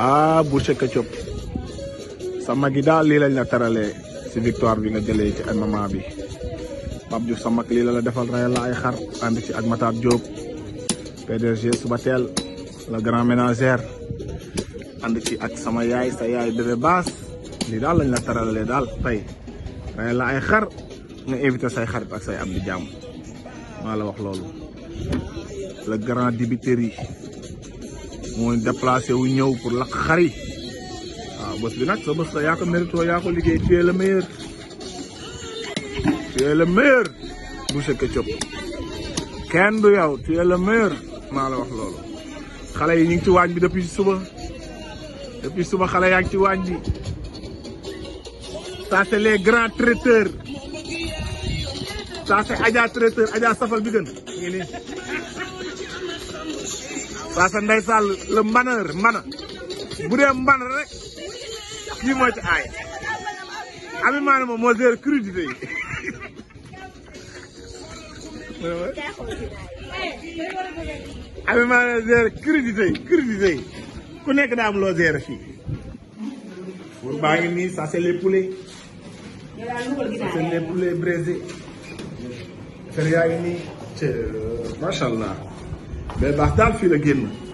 ah Boucher Ketchup sa mag yi daal lii lañ la teralee si victoire bi nga jëlee ci MMA bi Pape Diouf sa mag lii la la defal rayal la ay xar ànd ci ak Matar Diop PDG suba teel la grand ménagère ànd ci ak sama yaay sa yaay bébé baas lii daal lañ la teralee daal tey rayal la ay xar nga invité say xarit ak say am di jàmm maa la wax loolu le grand dibiteri mooy déplacé wu ñëw pour la xar yi waaw bés bi nag sa bés la yaa ko mérito yaa ko liggéey tu es le meilleur tu es le meilleur Boucher Ketchup kenn du yow tu es le meilleur wax loolu xale yi ñu ngi ci waañ bi depuis suba depuis suba xale yaa ngi ci waañ bi ça c'est les grands traiteurs ça traiteur Adja safal bi gën ngi nii waa sa Ndeye Sall le mbaneur mbana bu dee mban rek kii moo ci aay Habib moom moo gérer crudité yi Habib Mané gérer ku nekk daa am loo gérer fii pour baa ngi nii ça c'est les poulets ça ngi nii macha allah mais baax daal fii la génn